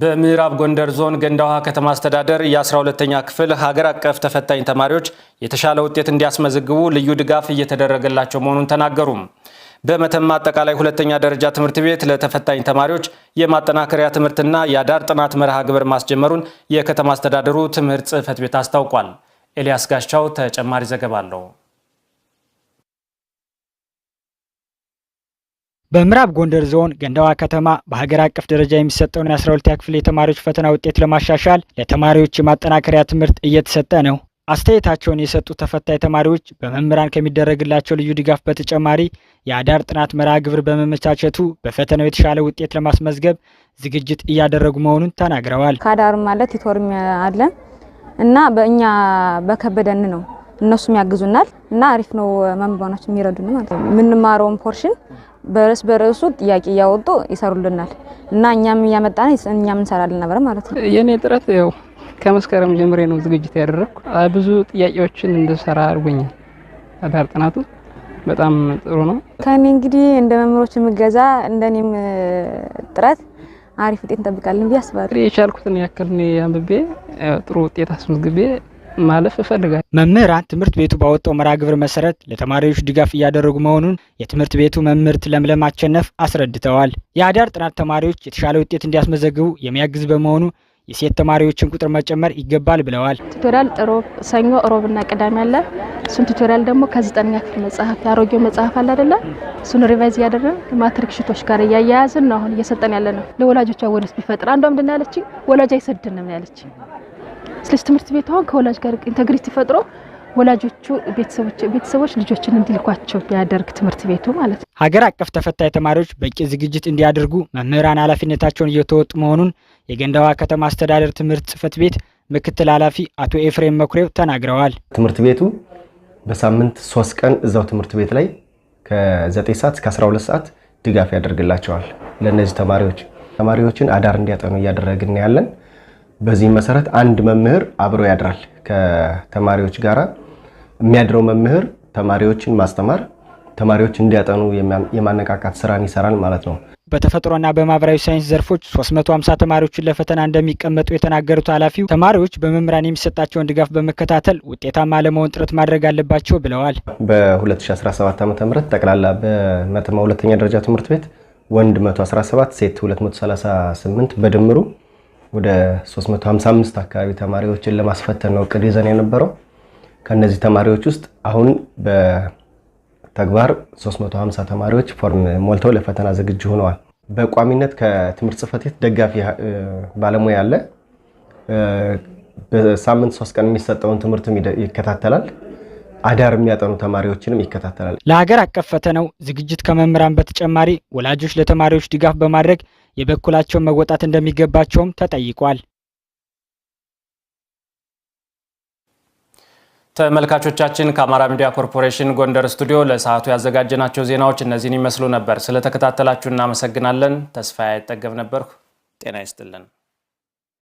በምዕራብ ጎንደር ዞን ገንዳ ውሃ ከተማ አስተዳደር የ 12 ተኛ ክፍል ሀገር አቀፍ ተፈታኝ ተማሪዎች የተሻለ ውጤት እንዲያስመዘግቡ ልዩ ድጋፍ እየተደረገላቸው መሆኑን ተናገሩም። በመተማ አጠቃላይ ሁለተኛ ደረጃ ትምህርት ቤት ለተፈታኝ ተማሪዎች የማጠናከሪያ ትምህርትና የአዳር ጥናት መርሃ ግብር ማስጀመሩን የከተማ አስተዳደሩ ትምህርት ጽሕፈት ቤት አስታውቋል። ኤልያስ ጋሻው ተጨማሪ ዘገባ አለው። በምዕራብ ጎንደር ዞን ገንዳዋ ከተማ በሀገር አቀፍ ደረጃ የሚሰጠውን የ12ኛ ክፍል የተማሪዎች ፈተና ውጤት ለማሻሻል ለተማሪዎች የማጠናከሪያ ትምህርት እየተሰጠ ነው። አስተያየታቸውን የሰጡ ተፈታኝ ተማሪዎች በመምህራን ከሚደረግላቸው ልዩ ድጋፍ በተጨማሪ የአዳር ጥናት መርሃ ግብር በመመቻቸቱ በፈተናው የተሻለ ውጤት ለማስመዝገብ ዝግጅት እያደረጉ መሆኑን ተናግረዋል። ከአዳር ማለት ቲቶርም አለን እና በእኛ በከበደን ነው እነሱም ያግዙናል እና አሪፍ ነው። መምህራኖች የሚረዱን ማለት ነው። የምንማረውን ፖርሽን በርዕስ በርዕሱ ጥያቄ እያወጡ ይሰሩልናል እና እኛም እያመጣን እኛም እንሰራለን ነበር ማለት ነው። የኔ ጥረት ያው ከመስከረም ጀምሬ ነው ዝግጅት ያደረግኩ። ብዙ ጥያቄዎችን እንድሰራ አድርጎኛል። አዳር ጥናቱ በጣም ጥሩ ነው። ከኔ እንግዲህ እንደ መምህሮች የምገዛ እንደኔም ጥረት አሪፍ ውጤት እንጠብቃለን ብዬ አስባለሁ። የቻልኩትን ያክል እኔ አንብቤ ጥሩ ውጤት አስመዝግቤ ማለፍ እፈልጋል። መምህራን ትምህርት ቤቱ ባወጣው መርሃ ግብር መሰረት ለተማሪዎች ድጋፍ እያደረጉ መሆኑን የትምህርት ቤቱ መምህርት ለምለም አቸነፍ አስረድተዋል። የአዳር ጥናት ተማሪዎች የተሻለ ውጤት እንዲያስመዘግቡ የሚያግዝ በመሆኑ የሴት ተማሪዎችን ቁጥር መጨመር ይገባል ብለዋል። ቱቶሪያል ሰኞ፣ ሮብ እና ቅዳሜ አለ። እሱን ቱቶሪያል ደግሞ ከዘጠነኛ ክፍል መጽሐፍ የአሮጌው መጽሐፍ አለ አደለ? እሱን ሪቫይዝ እያደረግን ማትሪክ ሽቶች ጋር እያያያዝን ነው አሁን እየሰጠን ያለ ነው። ለወላጆቿ ወደስ ቢፈጥር አንዷ ምንድን ያለች ወላጅ አይሰድንም ያለች ስለዚህ ትምህርት ቤቱ አሁን ከወላጅ ጋር ኢንተግሪቲ ፈጥሮ ወላጆቹ ቤተሰቦች ልጆችን እንዲልኳቸው ቢያደርግ ትምህርት ቤቱ ማለት ነው። ሀገር አቀፍ ተፈታይ ተማሪዎች በቂ ዝግጅት እንዲያደርጉ መምህራን ኃላፊነታቸውን እየተወጡ መሆኑን የገንዳዋ ከተማ አስተዳደር ትምህርት ጽፈት ቤት ምክትል ኃላፊ አቶ ኤፍሬም መኩሬው ተናግረዋል። ትምህርት ቤቱ በሳምንት ሶስት ቀን እዛው ትምህርት ቤት ላይ ከ9 ሰዓት እስከ 12 ሰዓት ድጋፍ ያደርግላቸዋል። ለእነዚህ ተማሪዎች ተማሪዎችን አዳር እንዲያጠኑ እያደረግን ያለን በዚህ መሰረት አንድ መምህር አብሮ ያድራል ከተማሪዎች ጋር። የሚያድረው መምህር ተማሪዎችን ማስተማር፣ ተማሪዎች እንዲያጠኑ የማነቃቃት ስራን ይሰራል ማለት ነው። በተፈጥሮና በማህበራዊ ሳይንስ ዘርፎች 350 ተማሪዎችን ለፈተና እንደሚቀመጡ የተናገሩት ኃላፊው ተማሪዎች በመምህራን የሚሰጣቸውን ድጋፍ በመከታተል ውጤታማ ለመሆን ጥረት ማድረግ አለባቸው ብለዋል። በ2017 ዓ ም ጠቅላላ በመተማ ሁለተኛ ደረጃ ትምህርት ቤት ወንድ 117 ሴት 238 በድምሩ ወደ 355 አካባቢ ተማሪዎችን ለማስፈተን ነው እቅድ ይዘን የነበረው። ከነዚህ ተማሪዎች ውስጥ አሁን በተግባር 350 ተማሪዎች ፎርም ሞልተው ለፈተና ዝግጁ ሆነዋል። በቋሚነት ከትምህርት ጽሕፈት ቤት ደጋፊ ባለሙያ አለ። በሳምንት ሶስት ቀን የሚሰጠውን ትምህርትም ይከታተላል። አዳር የሚያጠኑ ተማሪዎችንም ይከታተላል። ለሀገር አቀፍ ፈተናው ዝግጅት ከመምህራን በተጨማሪ ወላጆች ለተማሪዎች ድጋፍ በማድረግ የበኩላቸውን መወጣት እንደሚገባቸውም ተጠይቋል። ተመልካቾቻችን ከአማራ ሚዲያ ኮርፖሬሽን ጎንደር ስቱዲዮ ለሰዓቱ ያዘጋጀናቸው ዜናዎች እነዚህን ይመስሉ ነበር። ስለተከታተላችሁ እናመሰግናለን። ተስፋዬ አይጠገብ ነበርኩ። ጤና ይስጥልን።